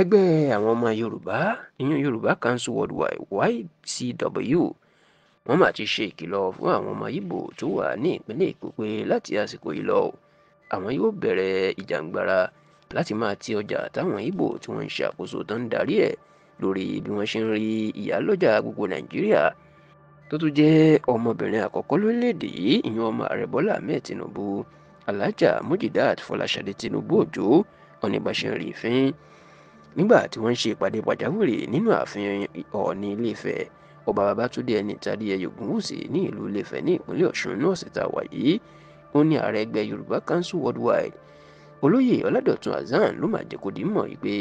ẹgbẹ́ àwọn ọmọ yorùbá ìyún yorùbá council worldwide ycw wọ́n mà ti ṣe ìkìlọ̀ fún àwọn ọmọ ibo tó wà ní ìpínlẹ̀ èkó pé láti àsìkò yìí lọ àwọn yóò bẹ̀rẹ̀ ìjàngbara láti máa ti ọjà táwọn ibo tí wọ́n ń ṣàkóso tó ń darí ẹ̀ lórí bí wọ́n ṣe ń rí ìyálọ́jà gbogbo nàìjíríà tó tún jẹ́ ọmọbìnrin àkọ́kọ́ lórílẹ̀‐èdè yìí ìyún ọmọ ààrẹ bọ́lá ahmed tinubu alhaja mujidat fọláṣadé tinubu òjò ọ̀nìbàṣẹ́ nígbà tí wọ́n ń ṣe ìpàdé pàjáwìrì nínú ààfin ọ̀ọ̀ni ilé-ifẹ̀ ọba babátúndé ẹni tàdí ẹyẹ ògúnwùsì ní ìlú ilé-ifẹ̀ ní ìpínlẹ̀ ọ̀ṣun ní ọ̀sẹ̀ tá a ó ní ààrẹ ẹgbẹ́ yorùbá council worldwide olóyè ọládọ̀tun hasan ló máa jẹ́ kó di mọ̀ pé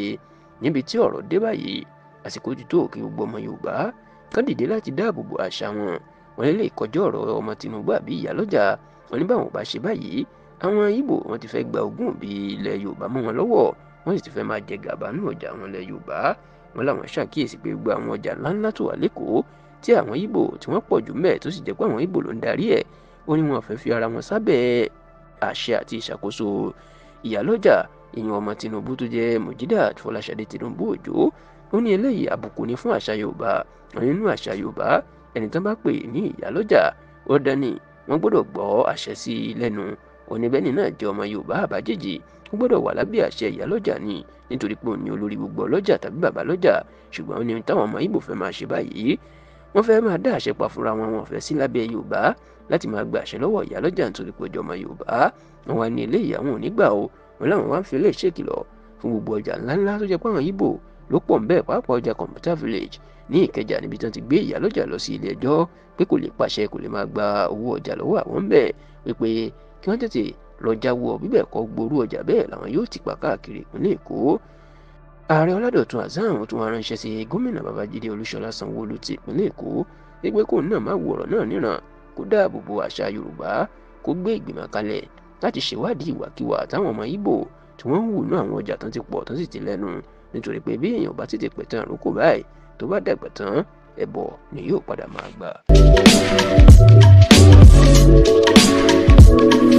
níbi tí ọ̀rọ̀ dé báyìí àsìkò ti tó kí gbogbo ọmọ yorùbá kán dìde láti dáàbò bo àṣà wọn wọn lè kọjá ọ̀rọ̀ ọmọ tinubu àbí ìyálọ́jà wọn ní báwọn ò bá ṣe báyìí àwọn ibo wọn ti fẹ́ gba ogún òbí ilẹ̀ yorùbá mọ́ wọn lọ́wọ́ wọ́n sì ti fẹ́ máa jẹ gàba nínú ọjà àwọn ilẹ̀ yorùbá wọn làwọn ṣàkíyèsí pé gbogbo àwọn ọjà ńláńlá tó wà lẹ́kọ̀ọ́ tí àwọn ibo tí wọ́n pọ̀ jù mẹ́ẹ̀ tó sì jẹ́ pé àwọn ibo ló ń darí ẹ̀ ó ní wọn fẹ́ fi ara wọn sábẹ́ àṣẹ àti ìṣàkóso ìyálọ́jà ìyẹn ọmọ tinubu tó jẹ́ mujidat fọláṣadé tinubu òjò ó ní eléyìí àbùkù ni fún àṣà yorùbá nínú àṣà yorùbá ẹni tán bá pè ní ìyálọ́jà ó dání wọ́n gbọ́dọ̀ gbọ́ àṣẹ sí lẹ́nu oníbẹ́ni náà jẹ́ ọmọ yorùbá àbájèjì ó gbọ́dọ̀ wà lábẹ́ àṣẹ ìyálọ́jà ni nítorí pé òun ni olórí gbogbo ọlọ́jà tàbí bàbá lọ́jà ṣùgbọ́n ní táwọn ọmọ ibo fẹ́ máa ṣe báyìí wọ́n fẹ́ máa dá àṣẹ pa fúnra wọn wọn fẹ́ sí lábẹ́ yorùbá láti máa gba àṣẹ lọ́wọ́ ìyálọ́jà nítorí pé ọjọ́ ọmọ yorùbá wọn wá ní eléyìí àwọn ò o wọn láwọn wá ń fi eléyìí ṣèkìlọ̀ fún gbogbo ọjà ńláńlá tó jẹ́ pàwọn ibo ló pọ̀ ńbẹ́ pàápàá ọjà computer village ní ìkẹjà níbi tí wọ́n ti gbé ìyálọ́jà lọ sí ilé ẹjọ́ pé kò lè pàṣẹ kò lè máa gba owó ọjà lọ́wọ́ àwọn ńbẹ̀ wípé kí wọ́n tètè lọ jáwọ́ bíbẹ̀ kọ́ gboru ọjà bẹ́ẹ̀ làwọn yóò ti pa káàkiri ìpínlẹ̀ èkó ààrẹ ọládọ̀tun hasan tún wá ránṣẹ́ sí gómìnà babájídé olúṣọlá sanwóolu ti ìpínlẹ̀ èkó pé kóun náà má wo ọ̀rọ̀ náà níran kó dáàbò bo àṣà yorùbá kó gbé ìgbìmọ̀ kalẹ̀ láti ṣèwádìí ìwàkiwà táwọn ọmọ ibo tí wọ́n ń wù ní àwọn ọjà tán ti pọ̀ tán sì ti lẹ́nu nítorí pé bí èèyàn bá tètè pẹ̀tàn àrókò báyìí tó bá dàgbà tán ẹbọ ni yóò padà máa gbà. Thank you.